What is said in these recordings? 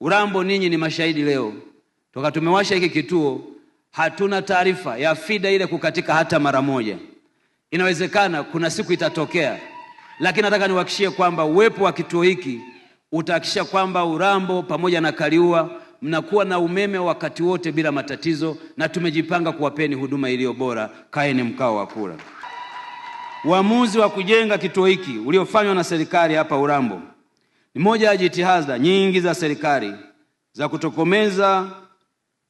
Urambo ninyi ni mashahidi leo, toka tumewasha hiki kituo hatuna taarifa ya fida ile kukatika hata mara moja. Inawezekana kuna siku itatokea, lakini nataka niwahakishie kwamba uwepo wa kituo hiki utahakikisha kwamba Urambo pamoja na Kaliua mnakuwa na umeme wakati wote bila matatizo, na tumejipanga kuwapeni huduma iliyo bora. Kaeni mkao wa kura. Uamuzi wa kujenga kituo hiki uliofanywa na serikali hapa Urambo ni moja ya jitihada nyingi za serikali za kutokomeza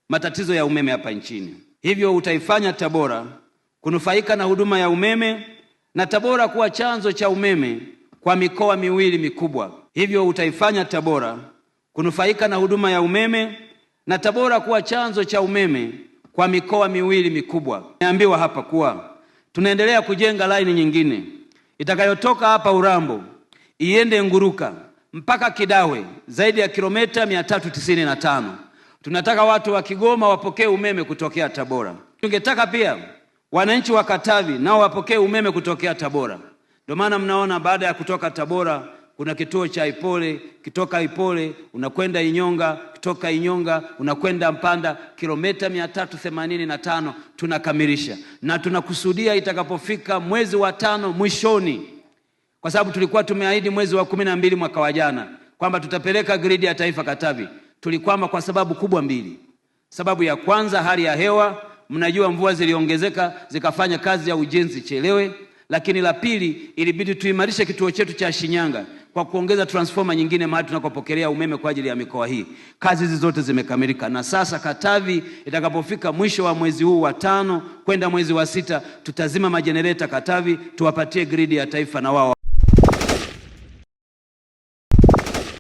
matatizo ya umeme hapa nchini. Hivyo utaifanya Tabora kunufaika na huduma ya umeme na Tabora kuwa chanzo cha umeme kwa mikoa miwili mikubwa. Hivyo utaifanya Tabora kunufaika na huduma ya umeme na Tabora kuwa chanzo cha umeme kwa mikoa miwili mikubwa. Niambiwa hapa kuwa tunaendelea kujenga laini nyingine itakayotoka hapa Urambo iende Nguruka mpaka Kidawe, zaidi ya kilomita 395. Tunataka watu wa Kigoma wapokee umeme kutokea Tabora. Tungetaka pia wananchi wa Katavi nao wapokee umeme kutokea Tabora. Ndio maana mnaona baada ya kutoka Tabora kuna kituo cha Ipole, kitoka Ipole unakwenda Inyonga, kitoka Inyonga unakwenda Mpanda, kilomita 385 tunakamilisha, na tunakusudia itakapofika mwezi wa tano mwishoni kwa sababu tulikuwa tumeahidi mwezi wa kumi na mbili mwaka wa jana kwamba tutapeleka gridi ya taifa Katavi. Tulikwama kwa sababu kubwa mbili. Sababu ya kwanza, hali ya hewa. Mnajua mvua ziliongezeka zikafanya kazi ya ujenzi chelewe, lakini la pili, ilibidi tuimarishe kituo chetu cha Shinyanga kwa kuongeza transfoma nyingine mahali tunakopokelea umeme kwa ajili ya mikoa hii. Kazi hizi zote zimekamilika, na sasa Katavi itakapofika mwisho wa mwezi huu wa tano kwenda mwezi wa sita, tutazima majenereta Katavi tuwapatie gridi ya taifa na wao